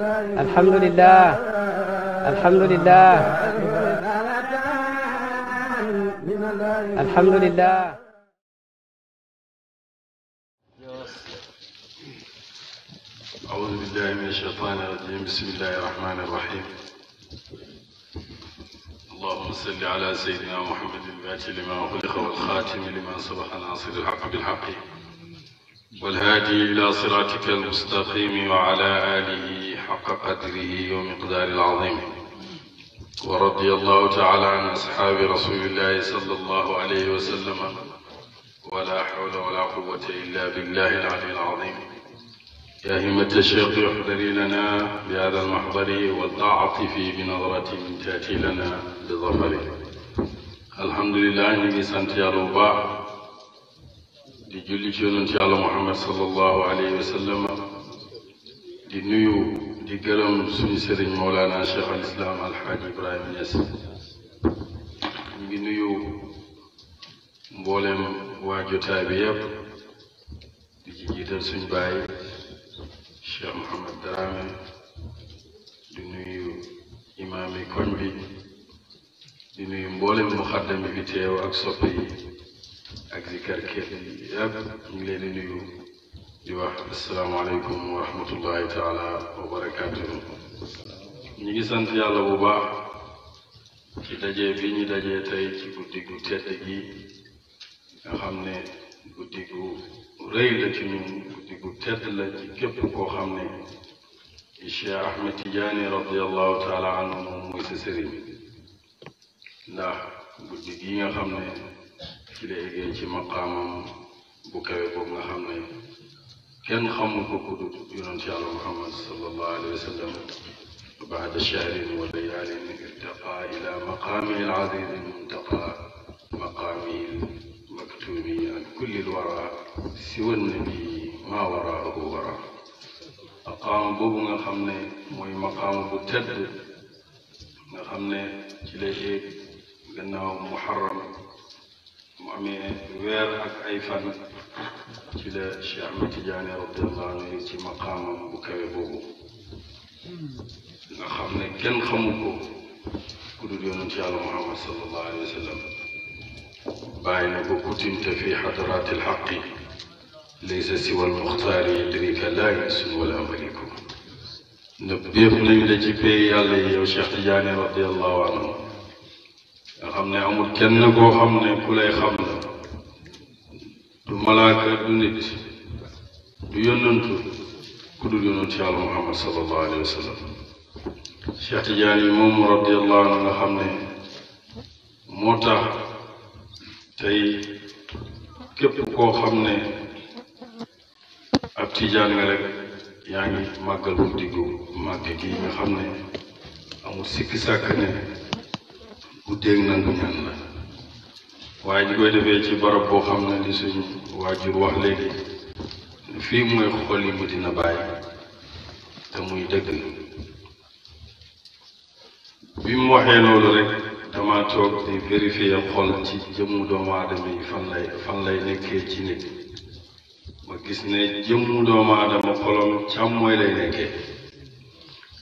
alhamdulillah alhamdulillah alhamdulillah أعوذ بالله من الشيطان الرجيم بسم الله الرحمن الرحيم اللهم صل على سيدنا محمد الفاتح لما أغلق والخاتم لما سبق ناصر الحق بالحق والهادي إلى صراطك المستقيم وعلى آله حق قدره ومقداره العظيم ورضي الله تعالى عن أصحاب رسول الله صلى الله عليه وسلم ولا حول ولا قوة إلا بالله العلي العظيم يا همة الشيخ احضري لنا بهذا المحضر والتعاطفي بنظرة تأتي لنا بظفره الحمد لله نجي سانتيالو باه di julli ci yonent yàlla muhammad sallallahu alayhi wa di nuyu di gërëm suñu sëriñ Mawlana Cheikh al Islam Alxaaji Ibrahima ngi nuyu mboolem waa jotaay di ci jiital suñu bàyyi Cheikh Mouhamed di nuyu imaam yi di nuyu mboolem muxaddam yi fi teew ak soppe ak zikarkat yi yëpp ñu ngi leen di nuyu di wax asalaamaaleykum wa taala wa barakaatuhu ñu ngi sant yàlla bu baax bi ñu daje tey ci guddi gu tedd gi nga ne guddi gu rëy la ci ñun guddi gu tedd la ci képp koo xam ne Cheikh Ahmed Tidiane radiallahu taala anhu moom mooy sa sëriñ guddi gi nga ne ci la eggee ci maqaamam bu kawe boobu nga xam ne kenn xamul ko ku dul yonent yàlla muhammad sallallahu alayhi wa sallam baada shahrin wa layaalin irtaqa ila maqaami al-aziz al-muntaqa maqaami al-maktuumi an kulli al-wara siwa nabi maa waraahu wara maqaama boobu nga xam ne mooy maqaama bu tedd nga xam ne ci la eeg gannaaw muharram mu amee weer ak ay fan ci la Cheikh Ahmed Tidiane radiyallahu anhu ci maqaamam bu kawe boobu nga xam ne kenn xamul ko ku dul yonent yàlla Muhammad sallallahu alayhi wa sallam bàyyi na ko kutimta fi xadaraati alxaqi laysa siwa almuxtaari yadrika laa yasun wala amalikum nëpp yëpp nañ la ci pay yàlla yi yow Cheikh Tidiane radiyallahu anhu nga xam ne amul kenn koo xam ne ku lay xam la du malaaka du nit du yónnantu ku dul yónnantu yàlla muhammad sallallahu alayhi wa sallam Cheikh Tidiane yi moom radiallahu anhu nga xam ne moo tax tey képp koo xam ne ak Tidiane nga rek yaa ngi màggal bu diggu màgg gi nga xam ne amul sikki sàkk ne bu téeg nangu ñaan la waaye ji defee ci barab boo xam ne li suñu waajur wax léegi fii mooy xol mu dina bàyyi te muy dëgg bi mu waxee loolu rek dama toog di vérifier xol ci jëmmu doomu aadama fan lay fan lay nekkee ci nit ma gis ne jëmmu doomu aadama xolam càmmooy lay nekkee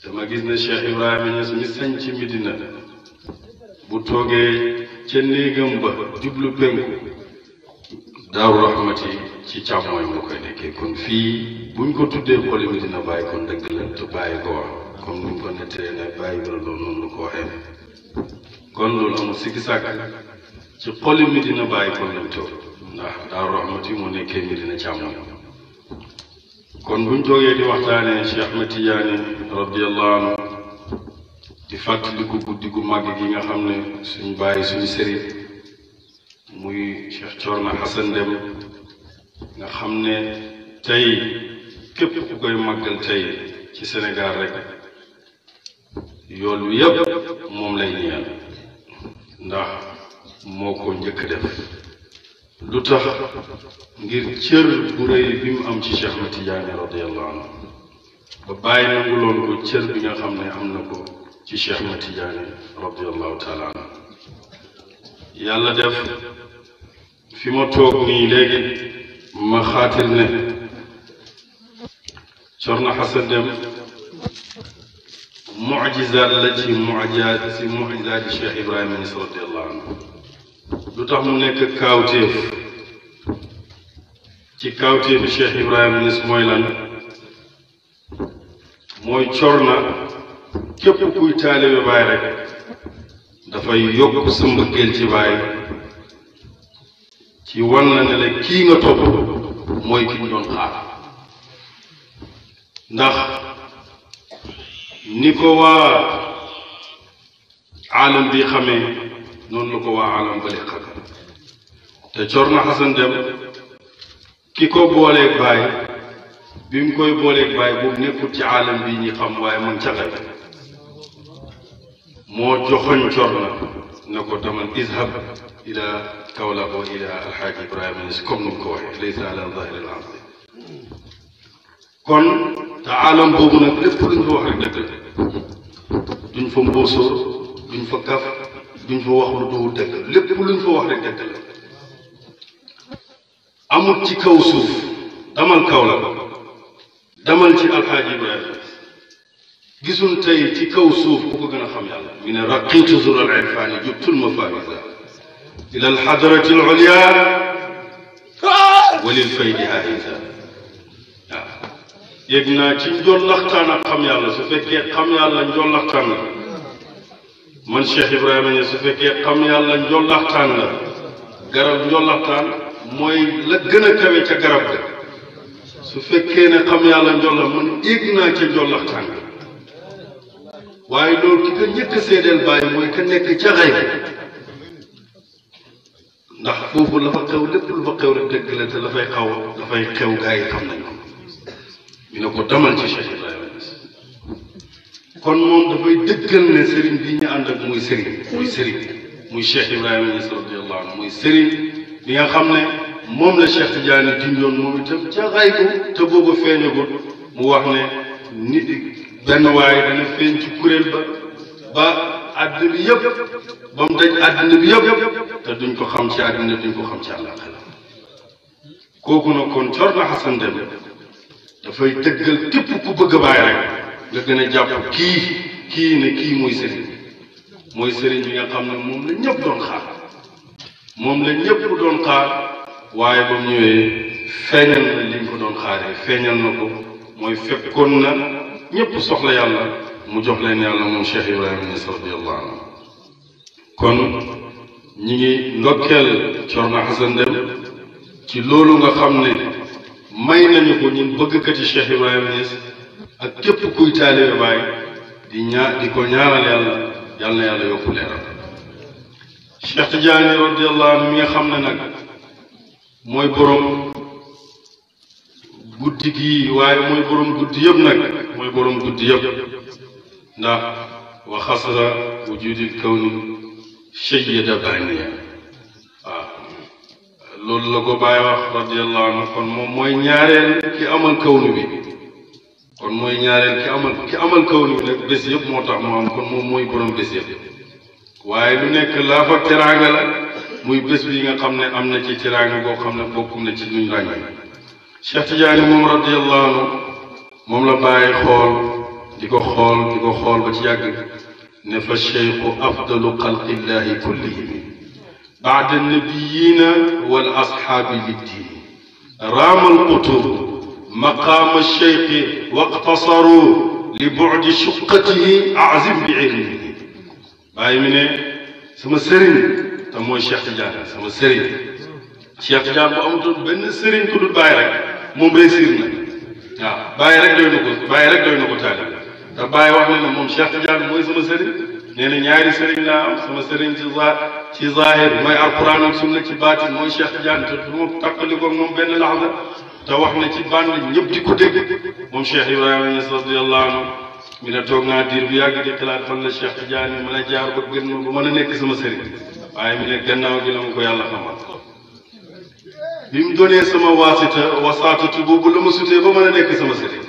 dama gis ne Cheikh Ibrahima Niass mi sañ ci Medina bu toogee ca néegam ba jublu penku daaru raxmati ci càmmooñ la koy nekkee kon fii buñ ko tuddee xooli mi dina bàyyi kon dëgg la te bàyyi ko wax comme ni mu ko nettalee ne bàyyi wala doon noonu kon loolu amul sikki sàkk ci xooli dina bàyyi kon lañ toog daaru raxmati moo nekkee mi dina càmmooñ kon buñ toogee di waxtaanee Cheikh Ahmed Tidiane radiyallahu di fàttaliku guddi gu màgg gi nga xam ne suñ bàyyi suñu sëriñ muy Cheikh Thierno Hassane Dème nga xam ne tey képp ku koy màggal tey ci Sénégal rek yoon wi yëpp moom lay ñeel ndax moo ko njëkk def lu tax ngir cër bu rëy bi mu am ci Cheikh Ahmed Tidiane radiyallahu anhu ba bàyyi nangu loon ko cër bi nga xam ne am na ko ci Cheikh na Tijaani radiallahu taala anhu yàlla def fi ma toog nii léegi ma xaatir ne Soxna Xasan Dem mucjizaat la ci mucjizaat si mucjizaat Cheikh Ibrahima Niass radiallahu anhu lu tax mu nekk kaawteef ci kaawteefi Cheikh Ibrahima Niass mooy lan mooy cor na képp kuy taalibe baay rek dafay yokk sa mbëggeel ci baay ci wan la ne la kii nga topp mooy ki ñu xaar ndax ni ko waa aalam bi xamee noonu la ko waa aalam bële xam te cor na xasan dem ki ko booleeg baay bi mu koy booleeg baay boobu nekkul ci aalam bi ñi xam waaye man ca xel moo joxoñ corna na ko daman izhab ila Kaolack wa ila alxaaji Ibrahima Niass comme nu mu ko waxee laysa ala kon te alam boobu nag lépp luñ fa wax rek duñ fa mbóosóor duñ fa kaf duñ fa wax lu duwul dëgg lépp luñ fa amul ci kaw suuf damal Kaolack damal ci alxaaji Ibrahima gisul tey ci kaw suuf ku ko gën a xam yàlla mi ne raqitu zur al irfani jubtul mafahisa ila alxadrati al ulya ah! wa lil faydi ahisa waaw yëg naa ci njool laxtaan ak xam yàlla su fekkee xam yàlla man Cheikh Ibrahima ne su fekkee xam yàlla njool laxtaan la garab njool laxtaan mooy la gën a kawe ca garab ga su fekkee ne xam yàlla njool la man yëg naa ca njool laxtaan waaye loolu ki ko njëkk a seedeel bàyyi mooy ka nekk ca xay ndax foofu la fa xew lépp lu fa xew rek dëgg la te dafay xaw dafay xew gaa yi xam ko ñu ne ko demal ci Cheikh Ibrahima moom muy sëriñ muy sëriñ muy nga xam ne moom la Cheikh Tidiane dindoon moom itam ca xay ko te boobu feeñagul mu wax ne nit benn waaye dana feeñ ci kuréel ba àddina bi ba mu daj àddina bi yëpp te duñ ko xam ci àddina duñ ko xam ci àllaaxira kooku na dafay tëggal képp ku bëgg a bàyyi rek nga gën a jàpp kii kii ne kii mooy sëriñ mooy sëriñ bi nga xam ne moom lañ ñëpp doon xaar moom la ñëpp doon xaar waaye ba mu ñëwee feeñal liñ ko doon xaaree feeñal na ko mooy fekkoon na ñépp soxla yàlla mu jox leen yàlla moom Cheikh Ibrahima Niass radiyallahu anhu kon ñi ngi ndokkeel Thierno Hassane ci loolu nga xam ne may nañu ko ñun bëggkati Cheikh Ibrahima Niass ak képp kuy taalibe Baay di ñaa di ko ñaanal yàlla yal na yàlla yokku leeral Cheikh Tidiane radiyallahu anhu mi nga xam ne nag mooy borom. guddi kii waaye mooy borom guddi yëpp nag mooy borom guddi yëpp ndax wa xasra wujudil kawni shayyada baniya waaw loolu la ko bàyyi wax radiyallahu anhu kon moom mooy ñaareel ki amal kawnu mooy ñaareel ki amal ki amal bés yëpp moo tax waaye lu nekk laa fa teraanga la muy bés bi nga xam ne am na ci teraanga boo xam ne bokkum na ci luñ ràññee Cheikh Tidiane moom radiyallahu anhu moom la bàyyi xool di ko xool di ko xool ba ci yàgg ne fa cheikhu afdalu xalqillahi kullihim baada nabiyina wal asxaabi liddiini raamal qutub maqaama cheikhi waqtasaru li bucdi shuqatihi azim bi ilmihi bàyyi mi ne sama sëriñ te mooy Cheikh Tidiane sama sëriñ Cheikh Tidiane bu amatul benn sëriñ ku dul bàyyi rek moom réussir na waaw bàyyi rek doy na ko bàyyi rek doy na ko taalib te bàyyi wax ne ne moom Cheikh Tidiane mooy sama sëriñ nee na ñaari sëriñ laa am sama sëriñ ci za ci zahir mooy alquran ak sunna ci baatin mooy Cheikh Tidiane te du ma tàqalikoo moom benn laxda te wax na ci bànn ñëpp di ko dégg moom Cheikh Ibrahima Niass radiyallahu anhu mi ne toog naa diir bu yàgg di xalaat fan la Cheikh Tidiane mën a jaar ba gën ma ba mën a nekk sama sëriñ mi ne gannaaw gi la ma ko yàlla xamal bi mu doonee sama waasita wasaatatu boobu la ma sutee ba mën a nekk sama sëriñ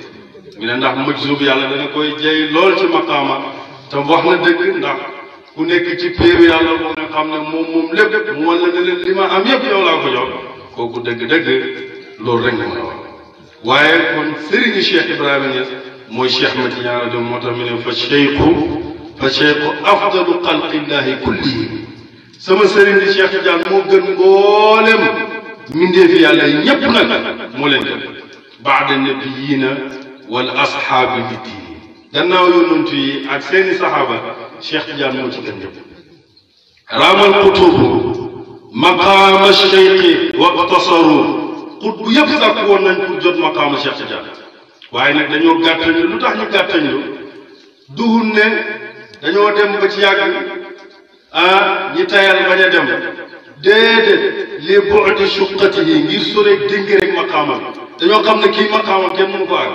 ñu ne ndax majzuub yàlla dana koy jay lool ci maqaama te wax na dëgg ndax ku nekk ci péeru yàlla boo nga xam ne moom moom lépp mu wan a ne leen li ma am yëpp yow ko jox kooku dëgg-dëgg loolu rek la mën a wax waaye kon sëriñu Cheikh Ibrahima Niass mooy Cheikh Mati ñaara dem moo tax mu ne fa cheikhu fa cheikhu afdalu kulli sama sëriñ di Cheikh Tidiane moo gën mboolem mbindeefi yàlla ñépp nag moo leen dem baada nabiyiina wal asxaabi bi diini gannaaw yonent yi ak seeni saxaaba Cheikh Tidiane moo ci gën ñëpp raamal qutubu maqaama cheikhi waqtasaru qutbu yëpp sàkk woon nañ pour jot maqaama Cheikh Tidiane waaye nag dañoo gàttañu lu tax ñu gàttañu duhun ne dañoo dem ba ci yàgg ah tayal bañ a déedéet li bu'di shuqqatihi ngir sore dégg rek maqaama bi dañoo xam ne kii maqaama kenn mënu ko àgg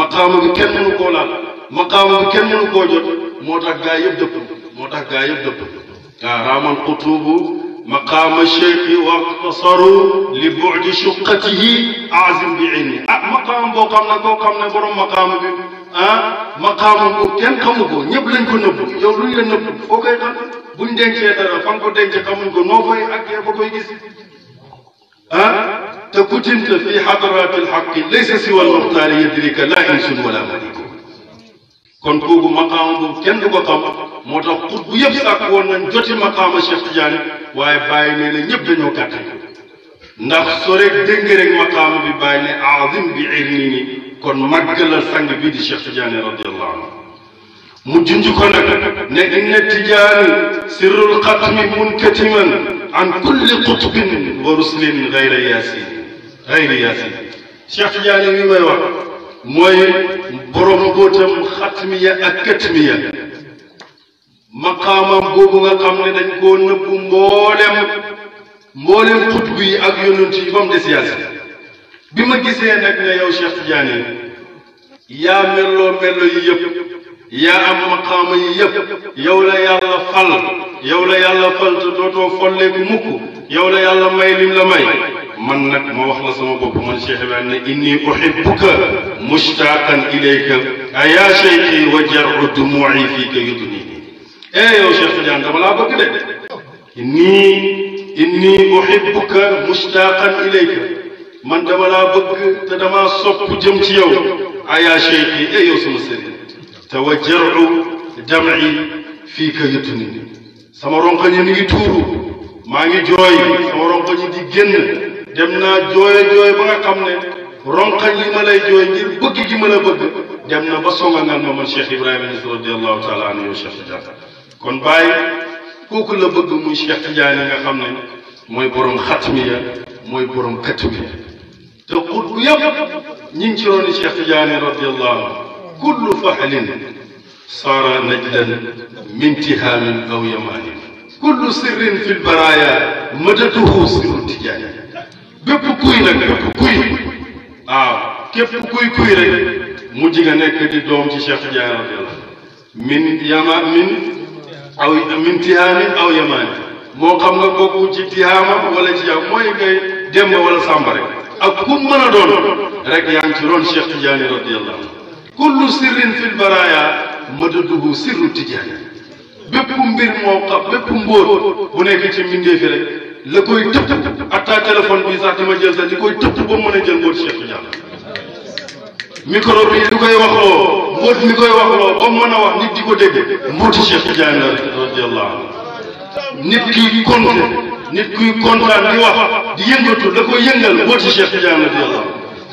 maqaama bi kenn mënu koo laal maqaama bi kenn mënu koo jot moo tax gaa yëpp dëpp moo tax gaa yëpp dëpp waaw raaman qutuubu maqaama cheikhi waqtasaru li bu'di shuqqatihi azim bi ilmi ah maqaama boo xam ne koo xam ne borom maqaama bi ah maqaamu bu kenn xamu ko ñëpp lañ ko nëbb yow luñ la nëbb foo koy xam buñ dencee dara fan ko denc xamuñ ko noo koy àggee ba koy gis ah te kutinta fi xadaraati lxaqi laysa siwa almuxtaari yadrika laa insun wala maliku kon kooku maqaama boobu kenn du ko xam moo tax xut bu yëpp sàkk woon nañ joti maqaama Cheikh Tidiane waaye bàyyi nee na ñëpp dañoo gàtt ndax soo rek dégg maqaama bi bàyyi ne azim bi ilmi kon màggalal sang bii di Cheikh Tidiane radiyallahu anhu mu junj ko nag ne inna Tidiane sirrul xatmi an kulli qutbin wa ruslin yaasin gayra yaasin mi may wax mooy borom mbootam xatmiya ak katmiya maqaamam boobu nga xam ne dañ koo nëbbu mboolem mboolem xutb yi ak yonent yi ba mu des yaasin bi ma gisee nag ne yow Cheikh Tidiane yaa melloo mello yi yëpp yaa am maqaama yi yëpp yow la yàlla fal yow la yàlla fal te dootoo folleeku mukk yow la yàlla may lim la may man nag ma wax la sama bopp man Cheikh Ibrahima ne inni uhibbuka mushtaqan ilayka aya cheikhi wa jaru dumu'i fika yudni eh yow Cheikh Tidiane dama laa bëgg de inni inni uhibbuka mushtaqan ilayka man dama laa bëgg te dama sopp jëm ci yow ayaa cheikhi e eh yow sama sëriñ te wa jaru dam'i fii ka yutuni sama ronkoñ yi tuuru maa ngi jooy sama ronkoñ yi di génn dem naa jooye jooy ba nga xam ne ronkoñ yi ma lay jooy ngir bëgg gi ma la bëgg dem na ba songa ngan ma man cheikh ibrahima Niass radiallahu kon bàyyi kooku la bëgg muy cheikh Tidiane nga xam ne mooy borom xatmiya mooy borom katmiya te xutbu yëpp ñi ngi ci rooni Cheikh Tidiane radiyallahu anhu kullu faxlin saara najdan mintihaamin aw yamaanin kullu sirrin fi lbaraaya madatuhu sirru Tidiane bépp kuy kuy waaw képp kuy kuy rek mujj nga nekk di doom ci Cheikh Tidiane radiyallahu min yama aw mintihaamin moo xam nga bokku ci tihaama wala ci yow mooy ngay dem wala sàmba ak ku mën a doon rek yaa ngi ci roon Cheikh Tidiane radiyallahu anhu kullu sirrin fil baraya madaduhu sirru Tidiane bépp mbir moo xam bépp mbóot bu nekk ci mbindee fi rek la koy tëpp atta téléphone bi sax dama jël sax di koy tëpp ba mën a jël mbóot Cheikh Tidiane micro bi li koy waxloo mbóot mi koy waxloo ba mën a wax nit di ko dégg mbóoti Cheikh Tidiane radiyallahu nit ki compte nit kuy kontaan di wax di yëngatu da ko yëngal booti Cheikh Tidiane radiyallahu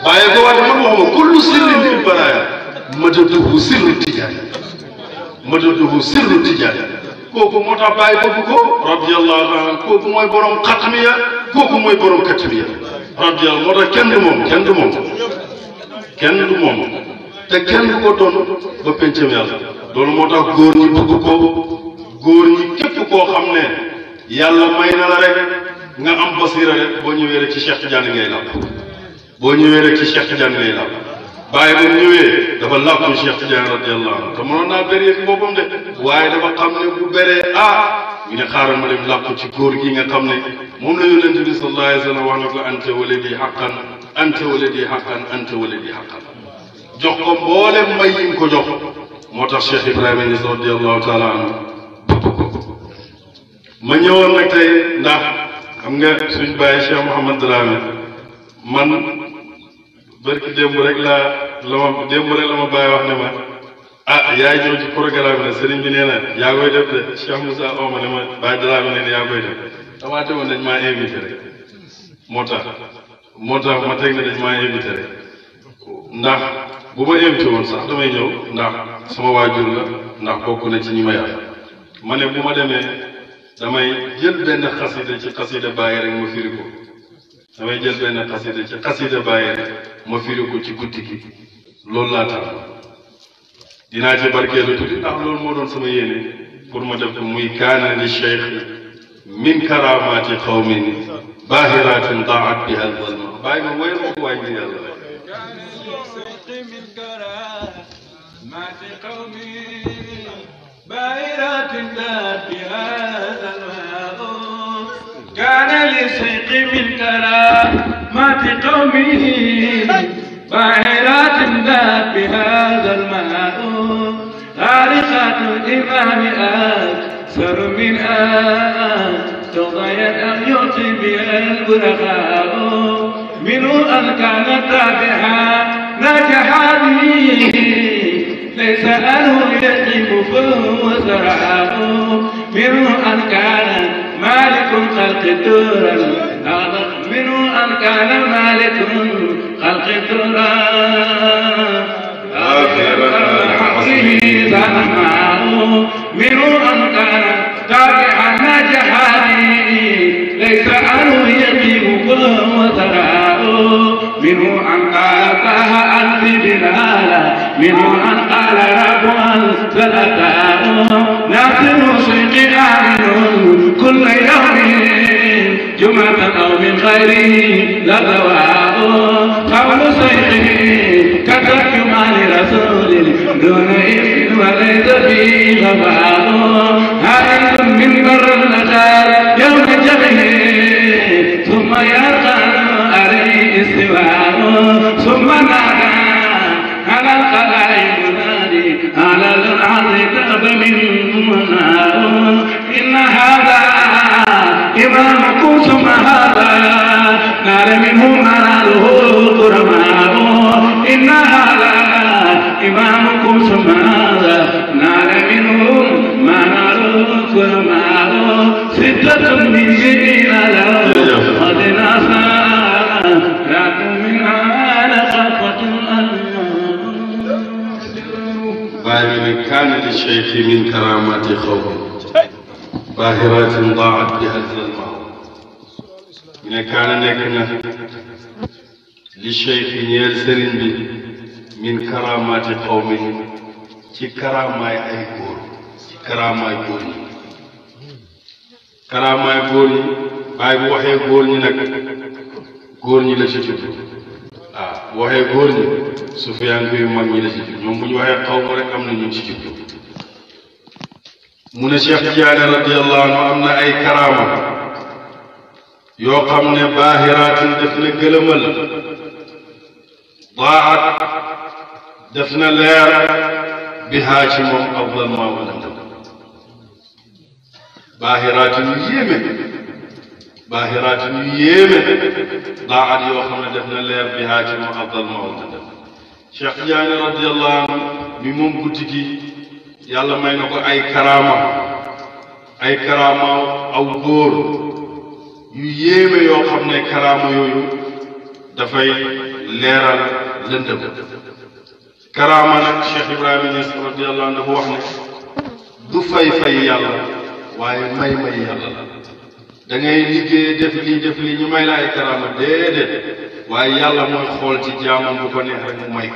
bàyyi ko waat man waxuma kullu sirrin fil baraaya madaduhu sirru Tidiane madaduhu sirru Tidiane kooku moo tax bàyyi bëgg ko radiyallahu taala kooku mooy borom xatmiya kooku mooy borom katmiya radiyallahu moo tax kenn du moom kenn du moom te kenn du ko doon ba pencam yàlla loolu moo tax góor ñi bëgg ko góor ñi képp koo xam ne. yàlla may na la rek nga am basira rek boo ñëwee rek ci Cheikh Tidiane ngay làpp boo ñëwee rek ci Cheikh Tidiane ngay làpp bàyyi bu ñëwee dafa làpp Cheikh Tidiane radiyallahu anhu xam ne ah, ma ci góor gi nga xam ne moom la yonente bi sallallahu alayhi wa sallam wax na ko anta waladi xaqan anta waladi xaqan xaqan jox ko mboolem may yi nga ko jox moo tax Cheikh Ibrahima Niass radiyallahu taala anhu ma ñëwoon nag tey ndax xam nga suñ bàyyi Cheikh Mouhamad Dramé man barki démb rek la ma démb rek la ma bàyyi wax ne ma ah yaay ñëw ci programme bi sëriñ bi nee na yaa koy def de Cheikh Moussa Oma ne ma bàyyi Dramé nee na yaa koy def xamaate ma teg ne dañ maa invité rek ndax bu ma invité woon sax damay ñëw ndax sama waajur la ndax bokk na ci ñi ma yar ma ne bu ma demee damay jël benn xasida ci xasida bàyyi rek ma firi ko damay jël benn xasida ci xasida bàyyi rek ma firi ko ci guddi gi loolu laa tax dinaa ci barkeelu tuuti ndax loolu moo doon sama yéene pour ma def ko muy kaana li cheikh min karamaati xawmin بائرات النار بهذا الماضون كان للسيق من كرامات قومه بائرات النار بهذا الماضون تاريخات الإمام أكثر من آن تضيع أم يعطي بها البرخاء منه أن كان تابعا نجح به ليس أنه كسوفه وزرعه منه أن كان مالك خلق الدرر منه أن كان مالك خلق الدرر آخر عمره زعمه منه أن كان تابعا نجحاني ليس عنه منه أن قال طه أنفي بلالا منه أن قال رب ثلاثة ناصر صدق آمن كل يوم جمعة أو من غيره لا دواء قول سيخه كترك مال رسول دون إذن وليس فيه غباء هذا من برد الموت مهابا نال منه مراله قرماه إن هذا إمامكم ثم هذا نال منه مراله قرماه ستة من جبين له قد نفى رأت منها لخفة الأنام كان للشيخ من كرامات خوفه باهرات ضاعت بها ne kaana nekk na li cheikh ñeel sëriñ bi min karamaati xawmi ci karamaay ay góor ci karamaay góor ñi karamaay góor ñi waaye bu waxee góor ñi nag góor ñi la ci tudd waaw bu waxee góor ñi sufiyanke yu mag ñi la ci tudd ñoom bu ñu waxee xawma rek am na ñu ci tudd mu ne cheikh Tidiane radiyallahu am na ay karama yoo xam ne baahiraatin def na gëlëmal daat def na leer bi haa ci moom afdal maa wala baahiraatin yu yéeme baahiraatin yu yéeme daat yoo xam ne def na leer bi haa ci moom afdal maa wala Cheikh Tidiane radiyallahu anhu mi moom guddi gi yàlla may na ko ay karaama ay karaama aw góor yu yéeme yoo xam ne karaama yooyu dafay leeral lëndëm karaama nag Cheikh Ibrahima Niass radiyallahu anhu waaye may-may yàlla la da ngay def lii def lii ñu may la ay karaama déedéet waaye yàlla mooy xool ci jaamam lu ko neex rek mu may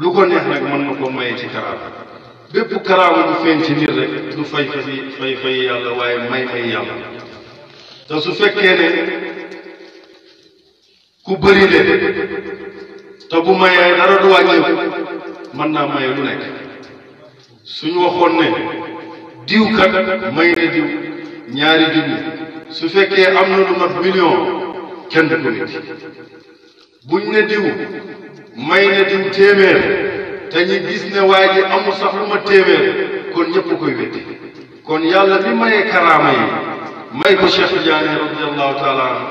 lu ko neex nag mën na ko maye ci karaama bépp karaama du feeñ ci nit rek du fay fay yàlla waaye may-may yàlla. te su fekkee ne ku bëri de te bu mayee dara du wàññeeku mën naa maye lu nekk suñu waxoon ne diw kat may na diw ñaari junni su fekkee am na lu mat kenn ko nit buñ ne diw may na diw téeméer te ñu gis ne waa ji amul sax lu ma téeméer kon ñëpp koy wetti kon yàlla li maye karaama yi may ko Cheikh Tidiane radiallahu taala anhu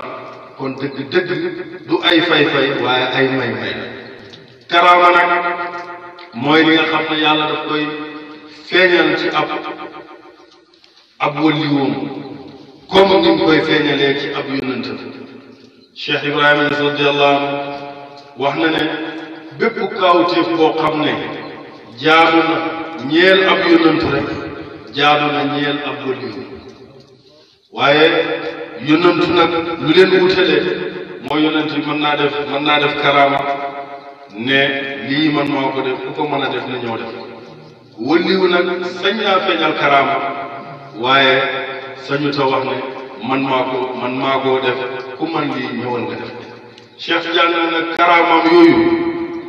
kon dëgg dëgg du ay fay-fay waaye ay may-may karaama nag mooy li nga xam ne yàlla daf koy feeñal ci ab ab wëlliwoom comme ni koy feeñalee ci ab yonent Cheikh Ibrahima Niass radiallahu wax na ne bépp kaawteef boo xam ne jaadu na ñeel ab yonent rek na ñeel ab wëlliwoom waaye yonent nag lu leen wutale mooy yonent yi mën naa def mën naa def karaama ne lii man maa ko def ku ko mën a def na ñëw waaye sañu ta nga def Cheikh Tidiane nag karaamam yooyu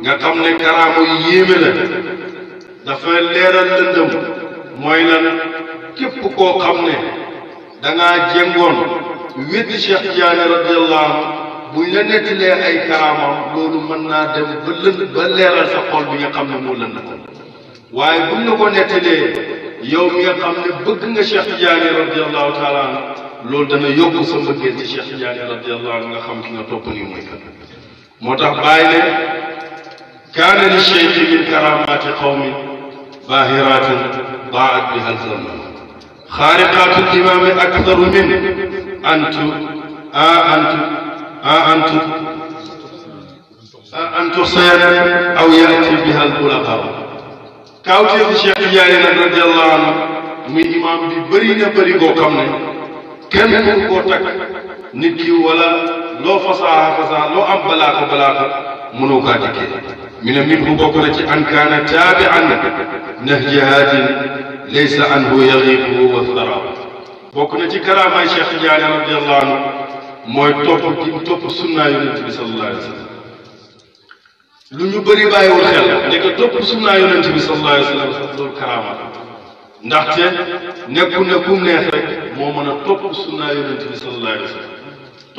nga xam ne karaama yéeme la dafa leeral lëndëm mooy lan képp koo xam ne dangaa jéngoon wétti Cheikh Tidiane radiyallahu anhu buñ la nettalee ay karaamam loolu mën naa dem ba lënd ba leeral sa xol bi nga xam ne moo lënd ko waaye buñ la ko nettalee yow mi nga ne bëgg nga Cheikh Tidiane radiyallahu taala anhu loolu dana yokk sa mbëggeel ci Cheikh Tidiane radiyallahu anhu nga xam ki nga topp nii mooy kat moo tax bàyyi ne kaana li cheikhi min karaamaati qawmi baahiraatin daat biha al-zaman xaariqaatul imaami aktaru min antu a antu a antu a antu seen aw yaati biha al ulaqaa kaawteefu Cheikh Ndiaye nag radiallahu anhu muy imaam bi bëri na bëri goo xam ne kenn mënu koo takk nit ki wala loo fasaaxa fasaaxa loo am balaa ko balaa ko mënoo kaa dikkee mi ne min bu bokk na ci an kaana taabian nahji haadin laysa anhu yaxiibuhu wasdara bokk na ci karaamaay Cheikh Tidiane radiallahu mooy topp ci topp sunnaa yonent bi sallallahu alayhi lu ñu bëri bàyyiwul xel léegi topp sunnaa yonent bi sallallahu alayhi wa sallam loolu karaama ndaxte nekku ne kum neex rek moo a topp sunnaa yonent bi sallallahu alayhi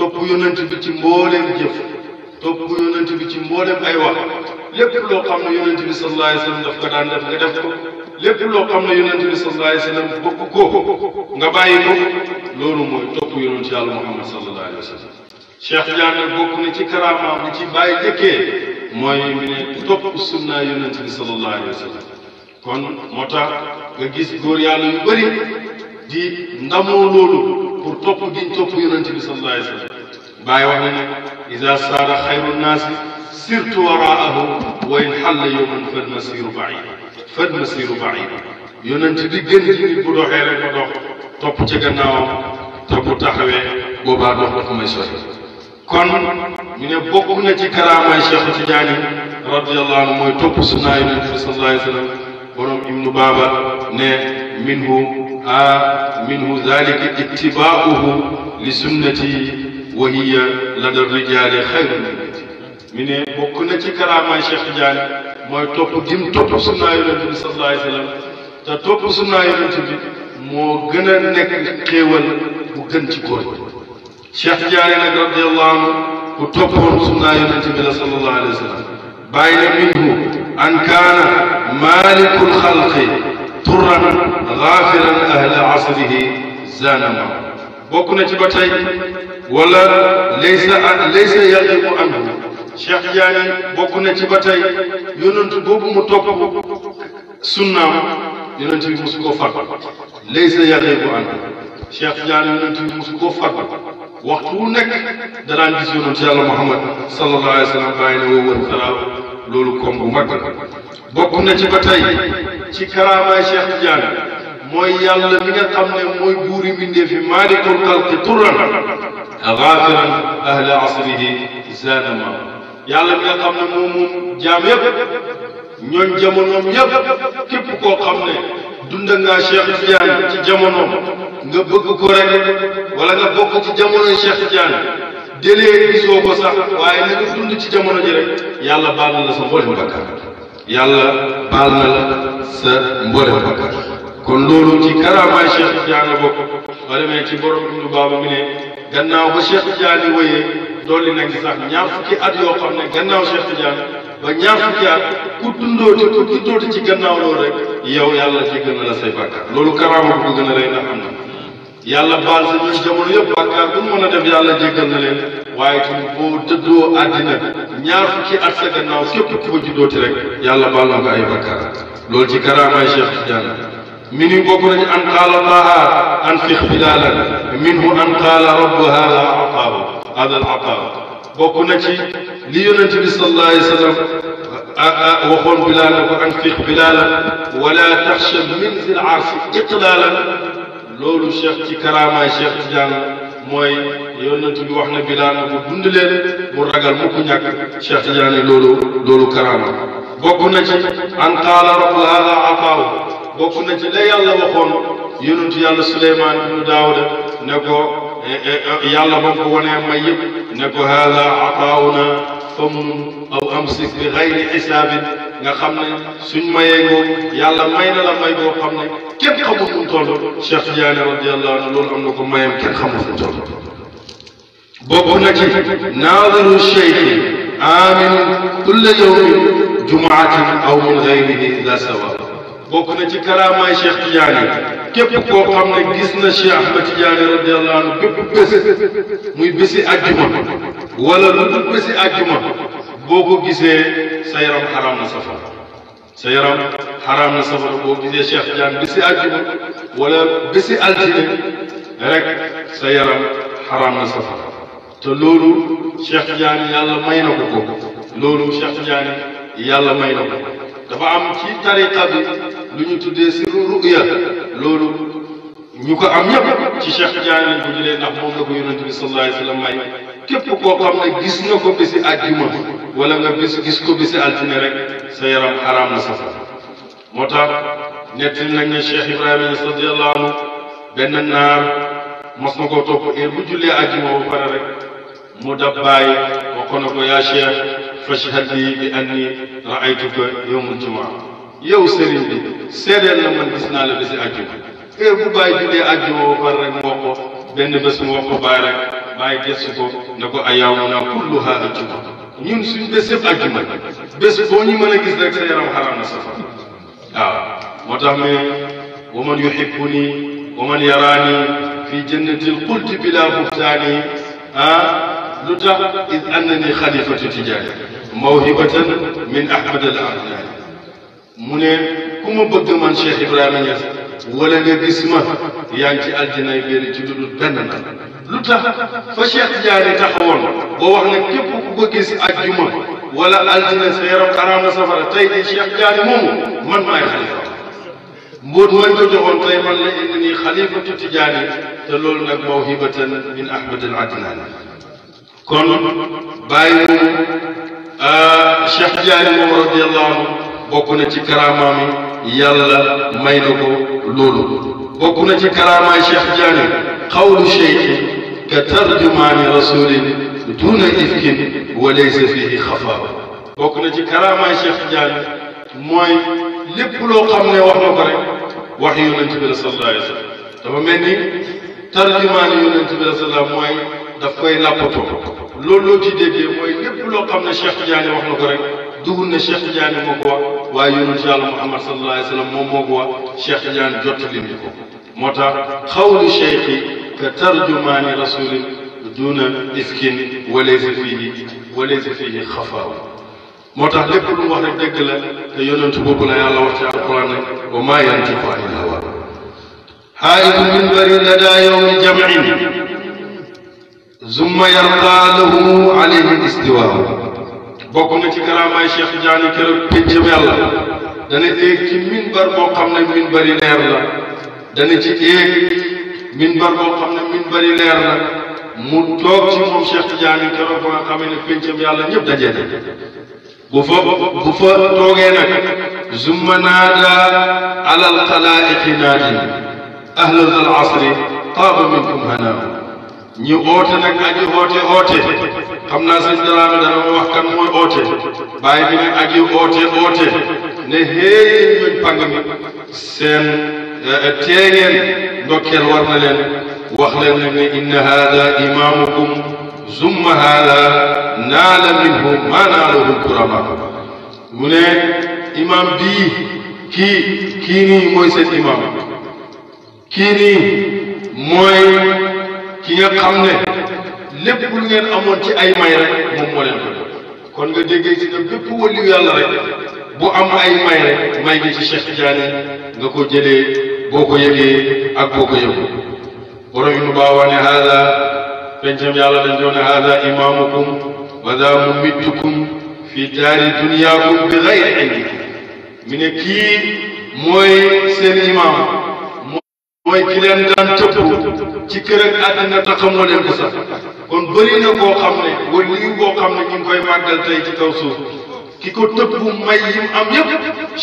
topp yonent bi ci mbooleem jëf topp yonent bi ci mbooleem ay wax lépp loo xam ne yonent bi sallallahu alayhi wa sallam daf ko daan nga def ko lépp loo xam ne yonent bi sallallahu alayhi wa ko nga bàyyi ko loolu mooy topp yonent yàlla muhammad sallallahu alayhi wa sallam cheikh Tidiane nag bokk na ci karaamaam li ci bàyyi njëkkee mooy mu ne topp sunna yonent bi sallallahu alayhi wa sallam kon moo tax nga gis góor yàlla yu bëri di ndamoo loolu pour topp giñ topp yonent bi sallallahu alayhi bàyyi wax ne nag isa saara xayru sirtu waraahu wa in xalla yowman fal masiru baid fan masiru baida yonent bi gën ci nit bu doxee rek ma dox topp ci gannaawam te bu taxawee dox dafa kon ñu ne bokk na ci karaamaay Cheikh Tidiane radiyallahu anhu mooy topp sunna yonent bi sallallahu alayhi wa sallam borom ibnu baaba ne minhu a minhu zalika ittibaauhu li sunnati wa hiya lada rijaali xayru mi ne bokk na ci karaamaay Cheikh Tidiane mooy topp gim topp sunnaa yonent bi sallallahu alayhi wa sallam te topp sunnaa yonent bi moo gën a nekk xéewal bu gën ci góor Cheikh Jaare nag radiyallahu anhu ku toppoon sunnaa yonent bi la sallallahu alayhi wa sallam bàyyi na minhu an kaana maalikul xalqi turan gaafiran ahla asrihi zanama bokk na ci ba tey wala laysa laysa yaqimu anhu Cheikh Tidiane bokk na ci ba tey yonent boobu mu topp sunnaam yonent bi mosu koo far laysa yaqibu an Cheikh Tidiane yonent bi mosu koo far waxtu wu nekk danaan gis yonent yàlla Muhammad sallallahu alayhi wa sallam bàyyi ne woo wër xaraab loolu koom bu mag bokk na ci ba tey ci karaamaay Cheikh Tidiane mooy yàlla mi nga xam ne mooy buuri mbindeef yi maalikul xalqi turan gaafiran ahla asrihi zaadama yàlla mi nga xam ne moom moom jaam yëpp ñooñ jamonoom ñëpp képp koo xam ne dunda ngaa Cheikh Tidiane ci jamonoom nga bëgg ko rek wala nga bokk ci jamonoy Cheikh Tidiane délee gisoo ko sax waaye li nga dund ci jamono ji rek yàlla baal na sa mboolem bakkaar yàlla baal na la sa mboolem bakkaar kon loolu ci karaamaay Cheikh Tidiane la bokk ba ci borom Ibnu Baaba mi ne gannaaw ba Cheikh Tidiane wëyee dolli nañ sax ñaar fukki at yoo xam ne gannaaw Cheikh Tidiane ba ñaar fukki at ku dundooti ku dundooti ci gannaaw loolu rek yow yàlla ci gën a la say bàkkaar loolu karaama bu gën a rey ndax am yàlla baal sa ñun jamono yëpp bàkkaar bu mën a def yàlla jéggal na leen waaye tam boo dëddoo àddina ñaar fukki at sa gannaaw képp ku ko juddooti rek yàlla baal ko ay bàkkaar loolu ci karaamaay Cheikh Tidiane منين بكرة أن قال طه أنفق بلالا منه أن قال رب hadal atal bokk na li yonente bi sallallahu alayhi wa sallam waxoon Bilaal ko anfiq Bilaal wala taxsha min zil arsi iqlaalan loolu cheikh ci karaamaay cheikh Tidiane mooy yonent bi wax na Bilaal ko dund leen mu ragal mu ko ñàkk cheikh Tidiane loolu loolu karaama a na ci an qaala rabbu hada ataaw bokk na ci la yàlla waxoon yonentu yàlla Suleymaan ibnu Daawuda ne ko Eh, eh, eh, yàlla ba mu ko wanee may yëpp ne ko haada ataawuna fam aw amsik bi xayri xisaabin nga xam ne suñ mayee ko yàlla may na la may boo xam ne kenn xamul fu mu toll Cheikh Tidiane radiyallahu anhu loolu am na ko mayam kenn xamul fu mu toll bokk na ci naadiru cheikh amin kulla yawmin jumaatin aw min gayrihi ila sawa bokk na ci karaamaay Cheikh Tidiane képp koo xam ne gis na Cheikh Ahmed Tidiane radiyallahu anhu bépp bés muy bési àjjuma wala lu dul bési àjjuma boo ko gisee sa yaram xaram na safara sa yaram xaram na safara boo gisee Cheikh Tidiane bési àjjuma wala bési altine rek sa yaram xaram na safara te loolu Cheikh Tidiane yàlla may na ko ko loolu Cheikh Tidiane yàlla may na ko dafa am ci tariqa bi lu ñu tuddee si ruya loolu ñu ko am ñëpp ci Cheikh Tidiane lañ ko ndax moom la ko bi wala nga bis gis ko bisi altine rek sa yaram xaraam na safa moo tax nettali nañ ne Cheikh Ibrahima radiyallahu anhu na ko topp et rek mu dabbaay waxoon na ko yaa Cheikh fashhad li bi anni raaytuka yawmul jumaa yow sëriñ bi seedeel na man gis naa la bési àjjuma heure bu bàyyi jullee àjjuma ba pare rek moo ko benn bés moo ko bàyyi rek bàyyi gëstu ko ne ko ayaaw naa kulluha àjjuma ñun suñ bés yëpp àjjuma bés boo ñu mën a gis rek sa yaram xaram na safar waaw moo tax ne wa man yuhibbuni wa man yaraani fi jannatil xulti bila buhtaani ah lu tax id annani xalifatu tijaani mawhibatan min ahmad al abdaani mu ne ku ma bëgg man Cheikh Ibrahima Niass wala nga gis ma yaa ngi ci aljana yi benn ci dudul benn lu tax fa Cheikh Tidiane taxawoon ba wax ne képp ku ko gis ajjuma wala aljana sa yaram xaraam na safara tey di Cheikh Tidiane moomu man maay xalifa mbóot mañ ko joxoon tey man la indi nii xalifatu Tidiane te loolu nag mawhibatan min Ahmad al Adnani kon bàyyi moom ah, Cheikh Tidiane moom radiallahu anhu bokk na ci karaamaam yàlla may na loolu bokk na ci karaamaay Cheikh Diané xawlu cheikh ka tarjumaani rasuli duuna ifkin wa fihi xafa bokk na ci karaamaay Cheikh Diané mooy lépp loo xam ne wax na ko rek wax yonent bi la sallallahu alayhi wa sallam dafa mel ni tarjumaani yonent bi mooy daf koy làppatoo loolu ci déggee mooy lépp loo xam ne Cheikh Diané wax na rek. dugul ne Cheikh Tidiane moo ko wax waaye yonent yàlla Muhammad sallallahu alayhi wa sallam moom moo ko wax Cheikh Tidiane jottali ñu ko moo tax xawlu cheikhi ka tarjumaani rasulin duna iskin walaysa fiihi walaysa fiihi xafaaw moo tax lépp lu mu wax rek dëgg la te yonent boobu la yàlla wax ci alquran ne wa maa yantiqu ani l-hawaa haa'izu min bari ladaa yawmi jam'in zumma yarqaa lahu alayhi istiwaahu bokk na ci karaamaay Cheikh Tidiane keroog péccam yàlla dana éeg ci minbar boo xam ne minbari leer la dana ci éeg minbar boo xam ne minbari leer la mu toog ci moom Cheikh Tidiane keroog ba nga xamee ne péccam yàlla ñëpp dajee na bu fa toogee nag zumma naada ala alxalaiqi naadin ahlal al asri taaba minkum hanaaw ñu oote nag aji oote oote xam naa sëñ Dramé dana ma wax kan mooy oote bàyyi bi ne ak oote oote ne xéey ñuñ pàng mi seen eh, eh, teegeen war na leen wax leen ne ne inna hada imaamukum zumma hada naala minhu ma naalahu kurama mu ne imaam bii kii kii nii mooy seen imaam kii nii ki nga xam ne lépp lu ngeen amoon ci ay may rek moom moo kon nga déggee ci ne bépp wëllu yàlla rek bu am ay may rek may gi ci Cheikh Tidiane nga ko jëlee boo ko yëgee ak boo ko yëgu borom yu nu baawaa ne haada pencam yàlla dañ doon ne haada imaamukum wa daa mumittukum fi daari dunyaakum bi xayri ilmi mooy seen imaam mooy ki leen daan tëpp ci kër ak àddina te xamoo leen ko sax kon bëri na boo xam ne wala lii boo xam ne ñu koy màggal tey ci kaw suuf ki ko tëpp may yi mu am yëpp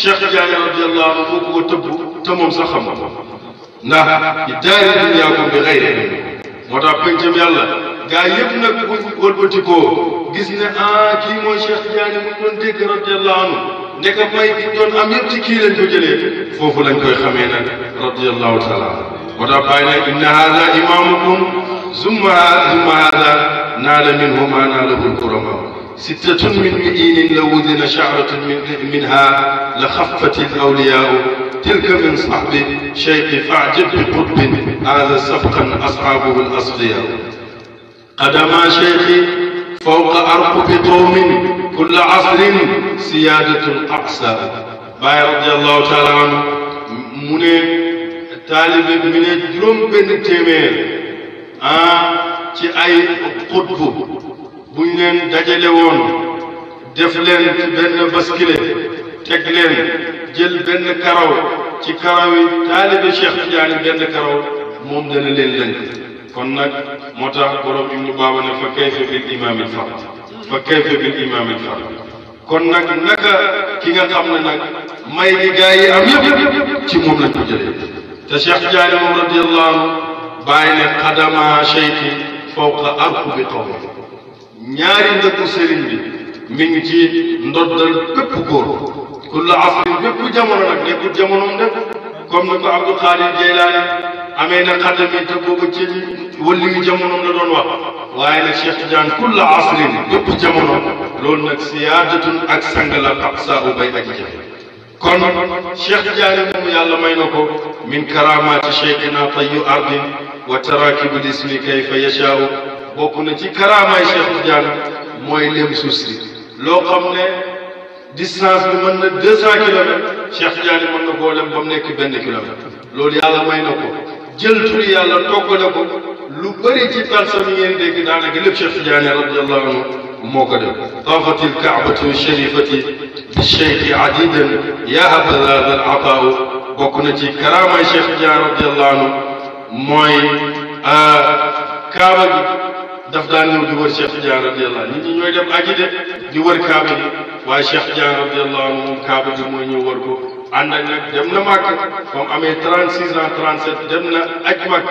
Cheikh Tidiane radiyallahu anhu moo ko tëpp te moom sax xam ndax i daari dunyaa ko bi xëy moo tax pëncam yàlla gaa yëpp nag buñ wëlbatikoo gis ne ah kii mooy Cheikh Tidiane mu doon dégg radiyallahu anhu ne ko may bi doon am yëpp ci kii lañ ko jëlee foofu lañ koy xamee nag radiyallahu taala wa daa bàyyi nag inna haada imaamukum zumma zumma haada naala minhu ma naalahu lkurama sittatun min miinin la wudina sha'ratun min minha la xaffati lawliyaau tilka min sahbi cheikhi faajib bi qutbin haada sabqan ashaabuhu al asliya qadama cheikhi fawqa arqubi qawmin kulla asrin siyaadatul aqsa Baay radiyallahu taala mu ne taalibe bi ne juróom benn téeméer ah ci ay xutb buñ leen dajale woon leen ci benn baskile teg jël benn karaw ci karaw yi taalibe Cheikh benn karaw moom dana leen kon nag moo tax borom Ibnu Baaba ne fa kayfa bil imaamil fard fa kayfa bil imaam il kon nag naka ki nga xam ne nag may gi yi am yëpp ci moom lañ ko jëlee te Cheikh Jaani moom bàyyi ne xadama cheikhi fawqa arkubi qawmi ñaari ndëkku sëriñ bi mi ndoddal bépp góor ku la asrin bépp jamono nag nekkul jamonoom def comme ni ko Abdul Xaadir Jeylaani amee na xatami te boobu ci wëlli jamonoom la doon wax waaye nag Cheikh Tidiane kulla asrin bépp jamono loolu nag siyaadatun ak sang la xabsa u bay aji kon Cheikh Tidiane moom yàlla may na ko min karamaati cheikhina tayyu ardin wa tarakibu lismi kayfa yashaau bokk na ci karaamaay Cheikh Tidiane mooy lem suuf loo xam ne distance bi mën na deux cent kilomètres Cheikh Tidiane mën na koo dem ba mu nekk benn kilomètre loolu yàlla may na ko jël turi yàlla toggale ko lu bëri ci personne yi ngeen dégg daanaka lépp Cheikh Tidiane radiyallahu anhu moo ko def taafati lkaabatu sharifati bi cheikhi adidan yahaba hada al ataau bokk na ci karaamay Cheikh Tidiane radiyallahu mooy ah, kaaba gi daf daan ñëw di wër Cheikh Tidiane radiyallahu anhu nit ñi ñooy dem aji de di wër kaaba bi waaye Cheikh Tidiane radiyallahu anhu moom kaaba bi mooy ñëw wër ko ànd ak nag dem na màkk ba mu amee 36 ans 37 dem na aj màkk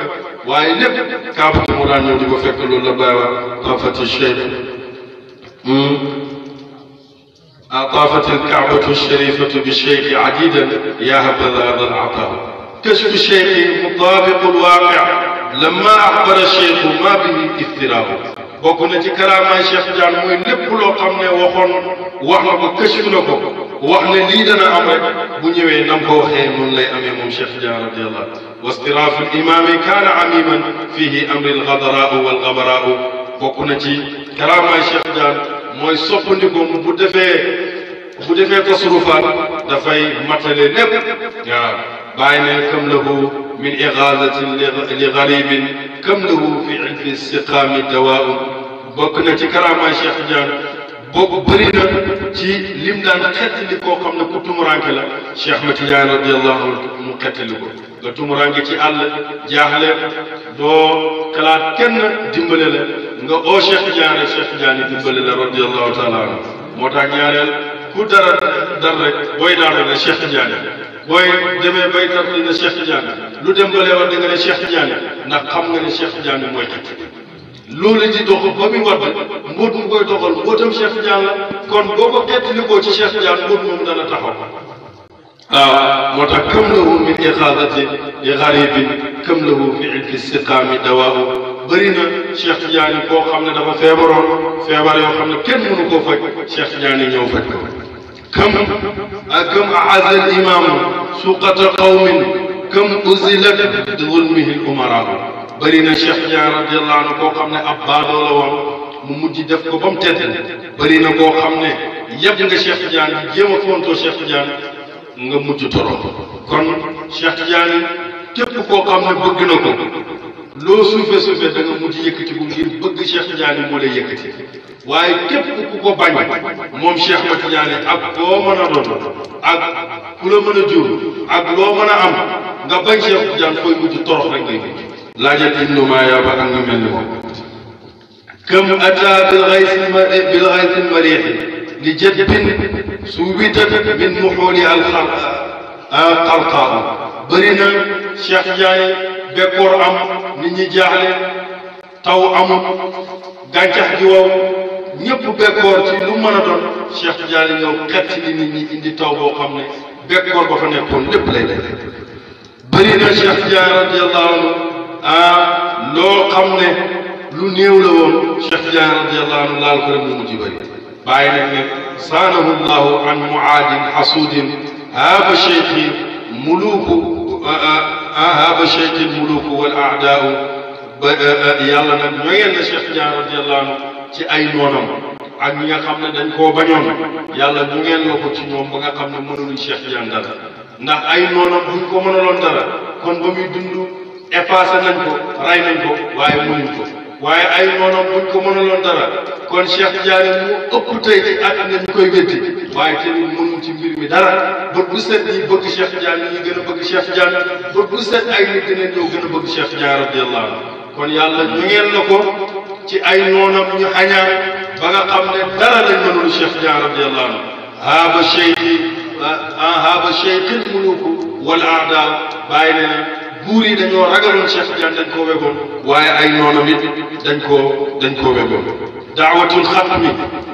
waaye lépp kaaba bi moo daan ñëw di ko fekk loolu la bàyyi waa taafati cheikh طافت الكعبة الشريفة بالشيخ عديدا يا هبذا هذا العطاء كشف الشيخ مطابق الواقع lamma axbara cheikhu ma bihi iftiraahu bokk na ci karaamaay cheikh Tijaan mooy lépp loo xam ne waxoon wax na ko kësu na ko wax ne lii dana am rek bu ñëwee nam ko waxee noonu lay amee moom cheikh Tijaan radiyallahu wastiraafu limaami kaana amiman fihi amri lgadaraau walgabaraau bokk na ci karaamaay cheikh Tijaan mooy soppandikoom bu defee bu defee tasrufaat dafay matale lépp waaw bàyyi ne kam lahu min igaazatin li garibin kam lahu fi ilfi siqaami dawaaun bokk na ci karaama Cheikh Tidiane boobu bëri na ci lim daan xettali koo xam ku tumuranke la Cheikh ma Tidiane radiyallahu anhu ko nga tumuranke ci àll jaaxle doo xalaat kenn dimbale la nga oo Cheikh Tidiane Cheikh dimbale la radiyallahu taala anhu moo tax ñaareel ku dara dar rek booy daanoo ne Cheikh booy demee bay tar li ne Cheikh Tidiane lu dem ba leewal di nga ne Cheikh Tidiane ndax xam nga ne Cheikh Tidiane mooy jikko loolu di dox ba muy war mbuut mu koy doxal mbuutam Cheikh ko kettalikoo ci Cheikh Tidiane mbuut moom dana taxaw ah, moo tax kam lahu min ixaadati li garibin kam lahu fi ilfi siqaami dawaahu bëri na Cheikh Tidiane boo xam ne dafa feebaroon feebar yoo xam ne kenn mënu koo faj Cheikh Tidiane ñëw faj كم أكم أعز الإمام سوقة قوم كم أزلت بظلمه الأمراء برينا شيخ جان رضي الله عنه كو خامني اب بادو لا وون mu mujj def ko ba mu tedd bëri na koo xam ne yëpp nga Cheikh Tidiane jéem a fontoo Cheikh Tidiane nga mujj toro kon Cheikh Tidiane képp koo xam ne bëgg na ko loo suufe suufe da nga mujj yëkkatiku ngir bëgg Cheikh Tidiane moo lay yëkkati waaye képp ku ko bañ moom Cheikh ma Tidiane ak koo mën a doon ak ku la mën a jur ak loo mën a am nga bañ Cheikh Tidiane koy mujj torox rek ngay mujj laajat ibnu maaya ba ak nga mel ni moom kam ata bil xaysi mariixi li jëppin su witat min muxooli al xarqaa bëri na Cheikh Tidiane bekkoor am nit ñi taw amul gàncax gi wow ñëpp bekkoor ci lu mën a doon Cheikh Tidiane ñëw xet ci indi taw boo xam ne bekkoor ba fa nekkoon lépp lay def bëri na Cheikh Tidiane radiyallahu anhu ah loo xam ne lu néew la woon Cheikh Tidiane radiyallahu anhu laal ko rek mu mujj bëri bàyyi nag ne saanahu llahu an muaadin xasuudin haaba ah, cheikhi muluuku ahaba cheytil muluku wal aadaau ba yàlla nag ñoyeen na Cheikh Ndiaye radiyallahu anhu ci ay noonam ak ñi nga xam ne dañ koo bañoon yàlla ñu ngeen na ko ci ñoom ba nga xam ne mënuluñ Cheikh Ndiaye dara ndax ay noonam buñ ko mënaloon dara kon ba muy dund effacé nañ ko rey nañ ko waaye mënuñ ko waaye ay noonam buñ ko mënaloon dara kon Cheikh Tidiane mu ëpp tey ci àddina ñu koy wéddi waaye tamit mënul ci mbir mi dara bët bu set ñi bëgg Cheikh Tidiane ñi gën a bëgg Cheikh gën a bëgg Cheikh Tidiane radiyallahu anhu kon yàlla ñu ngeen na ko ci ay noonam ñu xañaan ba nga xam ne dara lañ mënul Cheikh Tidiane radiyallahu anhu haaba cheikhi ah, haaba cheikhi muluku wal aada bàyyi ne buur yi dañoo ragaloon Cheikh Tidiane dañ koo wegoon waaye ay noonam it dañ koo dañ koo wegoon daawatul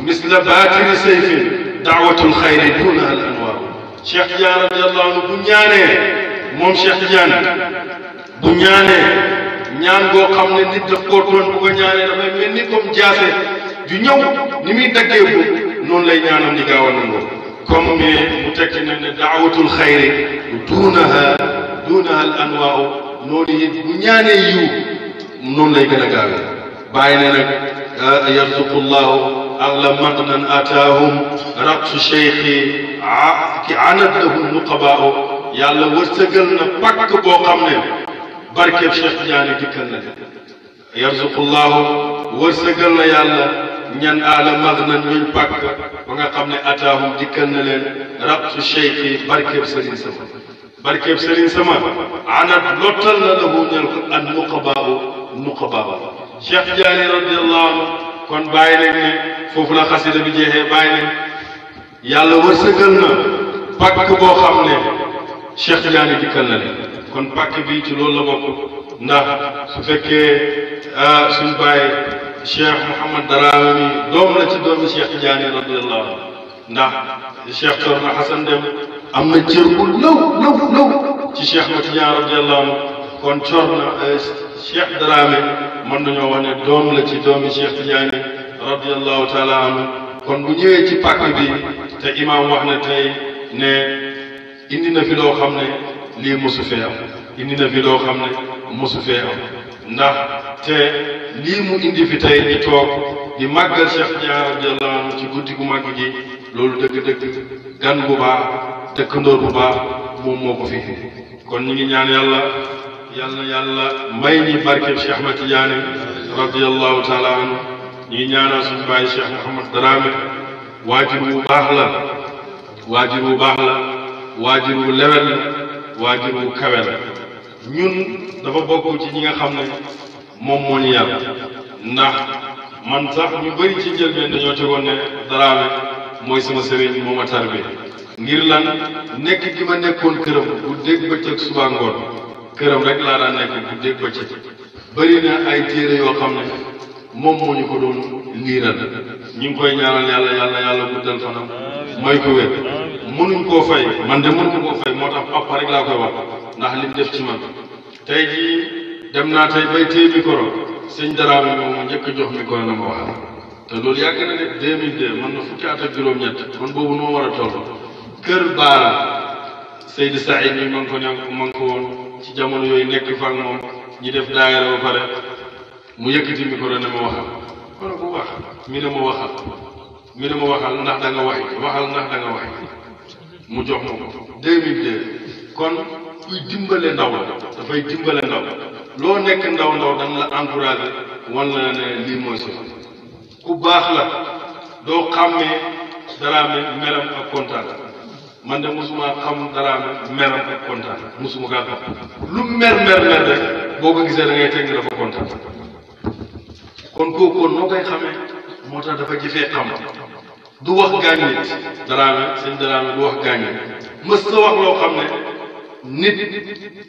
misla baatiri sayfi daawatul xayri duuna al anwaar Cheikh Tidiane radiallahu bu ñaanee moom Cheikh Tidiane bu ñaanee ñaan goo xam ne nit daf koo doon bu ko ñaanee dafay mel ni comme jaase ju ñëw ni muy daggee ko noonu lay ñaanam di gaaw a nangoo comme mais mu tekki ne ne daawatul xayri duunaha duunaha al anwaaw noonu it bu ñaanee yiw noonu lay gën a gaawee bàyyi ne nag ah, yarzuqu llahu ahla ataahum raqsu cheikhi ki anat lahum nuqabaaw yàlla na pàkk boo xam ne barkeb Cheikh Tidiane dikkal na yarzuqu llahu wërsëgal na yàlla ñan aala magnan ñuñ pàkk ba nga ataahum dikkal na leen raqsu cheikhi barkeb sëriñ barkeeb sëriñ sama anat lottal la lahu ñel ko an nuqabaabu nuqabaaba jaani radiallahu kon bàyyi nañ ne foofu la xasida bi jeexee bàyyi nañ yàlla wërsëgal na pàkk boo xam ne cheikh jaani dikkal na kon pàkk bi ci loolu la bokk ndax su fekkee ah, suñ bàyyi cheikh mouhamad daraami mi la ci doomi cheikh jaani radiallahu anhu ndax cheikh torna xasan am na cër bu law law law ci Cheikh Ahmad Tidiane radiyallahu anhu kon Thierno eh, Cheikh Dramé mën nañoo wax ne doom la ci doomi Cheikh Tidiane radiyallahu taala anhu kon bu ñëwee ci pàkk bi te imaam wax na tey ne indi na fi loo xam ne lii mosu fee am indi na fi loo mu indi fi tey di toog di màggal Cheikh Tidiane radiyallahu anhu ci guddi gu màgg gi loolu dëgg-dëgg gan bu baax. dëkkandoo bu baax moom moo ko fi kon ñu ngi ñaan yàlla yàlla yàlla may ñi barkeb Cheikh Ahmed Tidiane radiyallahu taala anhu ñu ngi ñaanal suñu bàyyi Cheikh Mouhamad baax la waajur bu baax la waajur bu lewel la waajur ñun dafa bokk ci ñi nga xam ne moom moo ñu yar ndax man sax ñu bëri ci njëlbeen dañoo tegoon ne Darame mooy sama sëriñ moo ma tarbe ngir lan nekk gi ma nekkoon këram guddeeg bëccëg suba ngoon këram rek laa daan nekk guddeeg bëccëg bëri na ay téere yoo xam ne moom moo ñu ko doon liiral ñu ngi koy ñaanal yàlla yàlla yàlla guddal fanam ko wér mënuñ koo fay man de mënuñ koo fay moo tax papa rek laa koy wax ndax li mu def ci man tey jii dem naa tey bay téye micro sëñ Daraame moom njëkk a jox micro na ma wax te loolu yàgg na ne 2002 man na fukki at ak juróom-ñett kon a toll kër Baara Seydou Saïd mi ma ko ma ngi ko woon ci jamono yooyu nekk fa moom ñi def daayira ba pare mu yëkkati micro ne ma waxal wax mi ne ne ma waxal ndax da nga mu jox ma ko 2002 kon kuy dimbale ndaw la dafay dimbale ndaw loo nekk ndaw ndaw danga la encouragé wan ne lii mooy si ku baax la doo xàmmee dara melam ak kontaan man de mosuma xam dara meram ak kontaan mosuma kaa xam lu mer mer mer boo ko gisee da ngay teg ni dafa kontaan kon kooku kon noo koy xamee moo tax dafa jëfee xam du wax gaañ nit daraame sëñ daraame du wax gaañ nit mës na wax loo xam ne nit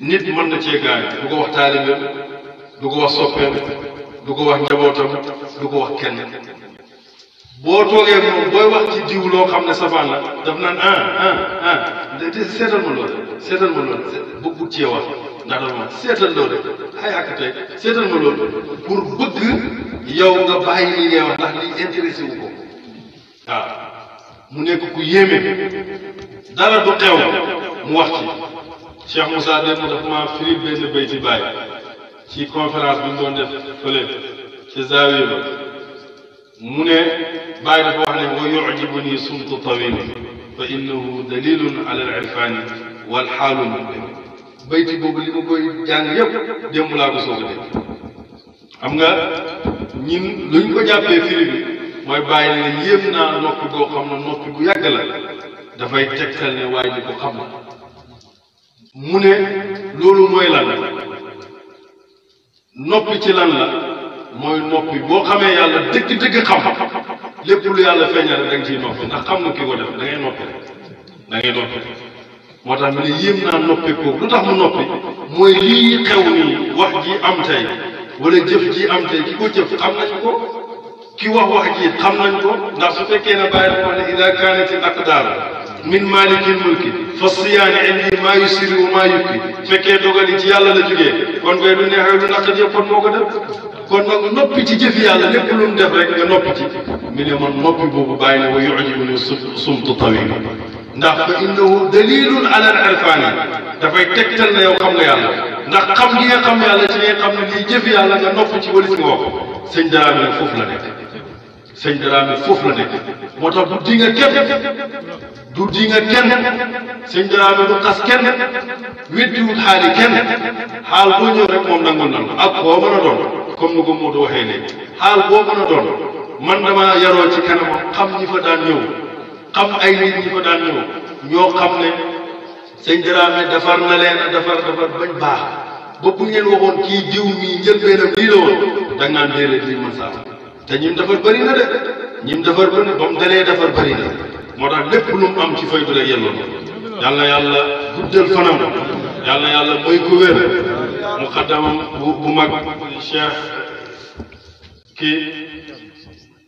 nit mën na cee gaañ du ko wax taalibeem du ko wax soppeem du ko wax njabootam du ko wax kenn boo toogee moom booy wax ci diw xam ne safaan la daf naan ah ah ah seetal ma loolu ndax dafa ma seetal ma loolu pour bëgg yow nga bàyyi li ndax li intéressé wu ko ah. mu nekk ku yéeme dara du xew mu wax ci Cheikh Moussa dem na dafa ma firi benn béy ci bàyyi ci conférence bi mu doon def fële ci zaawiya mu ne bàyyi dafa wax ne wa yucjibuni sultu tawil fa innahu dalilun ala al irfani wal xaalu mubin bayti boobu li ma koy jàng yëpp démb laa ko soog a xam nga ñin luñ ko jàppee firi bi mooy bàyyi ne yéem naa noppi goo xam ne noppi bu yàgg la dafay tegtal ne waaye ji ko xam na mu ne loolu mooy lan noppi ci lan la mooy noppi boo xamee yàlla dëgg-dëgg xam lépp lu yàlla feeñal rek da nga ciy noppi ndax xam nga ki ko def da noppi da noppi moo tax mu ne yéem naa noppi kooku lu tax mu noppi mooy lii xew nii wax ji am tey wala jëf ji am tey ki ko jëf xam nañ ko ki wax wax ji xam nañ ko ndax su fekkee na bàyyi dafa ne ida kaanati aqdaar min maalikil mulki fa siyaani indi maa yu siri maa yukki fekkee dogal ci yàlla la jógee kon koy du neexee lu naq yëpp moo ko def kon nag noppi ci jëfi yàlla lépp lu mu def rek nga noppi ci mu ne man noppi boobu bàyyi na wa yujibu sumtu tawil ndax fa innahu dalilun ala al irfani dafay tegtal na yow xam nga yàlla ndax xam li nga xam yàlla ci nga xam ne lii jëfi yàlla nga noppi ci wala si nga wax sëñ daraami nag foofu la nekk sëñ daraami foofu la nekk moo tax du di du diingat kenn sëñ Dramé du xas kenn weddiwul xaali kenn xaal boo ñëw rek moom nangul nan ak boo mën a doon comme ni ko Modou waxee léegi xaal boo mën a doon man dama yaroo ci kanamam xam ñi fa daan ñëw xam ay nit ñi fa daan ñëw ñoo xam ne sëñ Dramé defar na leen a defar defar bañ baax ba bu ngeen waxoon kii diw mii njëlbeenam lii la woon da nga lii mën saa te ñim defar bëri de ñim defar bëri na ba mu dalee defar bëri moo tax lépp lu mu am ci faydu rek yem na yal na yàlla guddal fanam yal yàlla mooy ko wér muqaddamam bu bu mag cheikh kii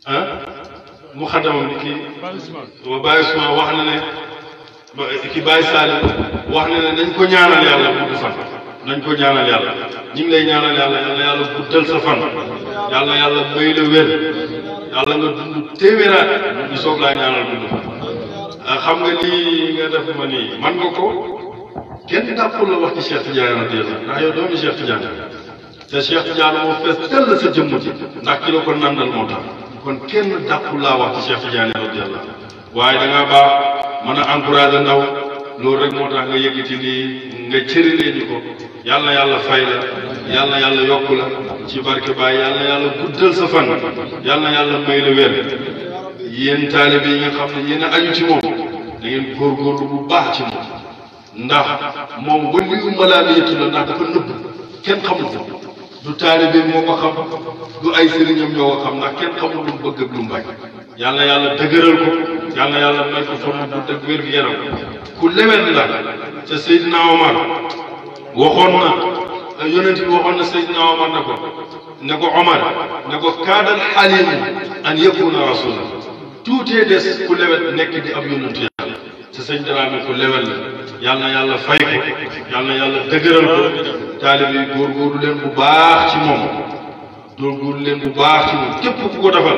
ah muqaddamam kii wa Baye Ousmane wax na ne ki Baye Salim wax na ne nañ ko ñaanal yàlla gudd fan nañ ko ñaanal yàlla ñu ngi lay ñaanal yàlla yal yàlla guddal sa fan yal yàlla may la wér yàlla nga dund téeméeraat ñu soog laa ñaanal dund Ah, xam nga lii nga def ma nii man nga ko kenn dàppul la wax ci Cheikh Tidiane radiyallahu ndax yow doomi Cheikh Tidiane te Cheikh Tidiane moo fees tell la ko nandal moo tax kon kenn waaye da ngaa baax mën a encouragé ndaw loolu rek moo tax nga yëkkati nii nga cërilee ñu ko yàlla yàlla fay la yàlla yàlla yokk la ci barke Baay yàlla yàlla guddal sa fan yàlla yàlla may la wér yéen taalibe yi xam ne yéen a aju ci moom da ngeen góorgóorlu bu baax ci moom ndax moom wan li umalaamiyatu la ndax dafa nëbb kenn xamul ko du moo ko xam du ay sëriñam mu bëgg ak lu mu bañ yal yàlla dëgëral la ca Seydina Omar waxoon na yonent waxoon na Seydina Omar ne ko ne ko Omar ne ko kaadal xalimu an yakuna rasulullah tuutee des ku lewet nekk di ab yonentu yàlla si sëñ Dramé ku lewet la yàlla na yàlla fay ko yàlla na yàlla dëgëral ko taalib yi góorgóorlu leen bu baax ci moom góorgóorlu leen bu baax ci moom képp ku ko defal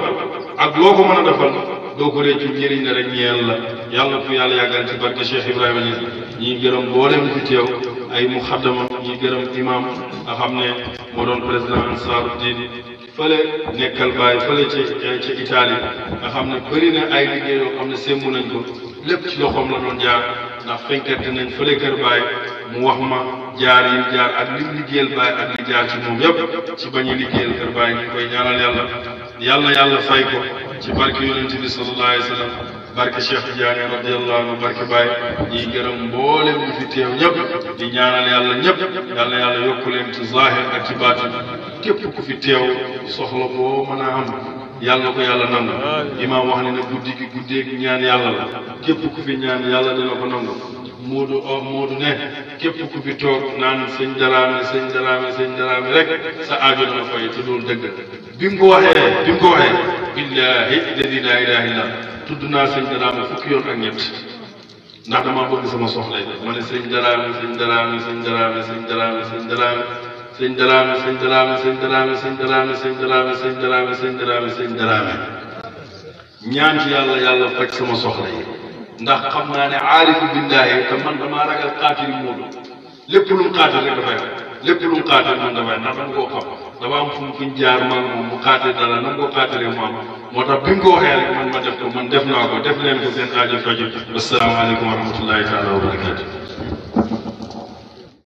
ak loo ko mën a defal doo ko réccu njëriñ la rek ñeel la yàlla fu yàlla yàggal ci barke Cheikh Ibrahima Niass ñi gërëm mboolem fi teew ay muxaddama ñi gërëm imam nga xam ne moo doon président Ansaru Diin fële nekkal bàyyi fële ca eh, ca Italie nga xam ne bëri na ay liggéey yoo xam ne sémmu nañ ko lépp ci loxoom la doon jaar ndax fenkante nañ fële kër bàyyi mu wax ma jaar yi jaar ak li liggéeyal bàyyi ak li jaar ci moom yépp ci bañu liggéeyal kër bàyyi ñu koy ñaanal yàlla yàlla fay ko ci barke yonente bi sallallahu alayhi wa sallam barke Cheikh Tidiane radiyallahu anhu barke Baye ñuy gërëm mboolem ñu fi teew ñëpp di ñaanal yàlla ñëpp yal yàlla yokku leen ci zahir ak ci baatin képp ku fi teew soxla boo mën a am yàlla na ko yàlla nangu imaam wax ne ne guddi gi ñaan yàlla la képp ku fi ñaan yàlla dina ko nangu moodu o moodu ne képp ku fi toog naan sëñ daraame sëñ daraame rek sa aajo dina fay te loolu dëgg bi mu bi mu ko waxee billahi laa ilaha illa tudd naa sëñ Daraame fukki yoon ak ñett ndax damaa bëgg sama soxla ma ne sëñ Daraame sëñ Daraame sëñ Daraame sëñ Daraame sëñ Daraame sëñ Daraame sëñ faj sama soxla ndax xam naa ne aarifu billaahi te man damaa ragal xaatil moodu lépp lu mu xaatil rek dafay lépp mu xaatil man dafa am fu mu fuñ jaar maag moom mu xaatee dara na nga ko xaatalee moom moo tax bi nga ko man ma def ko man def naa ko def leen ko seen aajo faju asalaamaaleykum wa rahmatullahi taala wa barakatu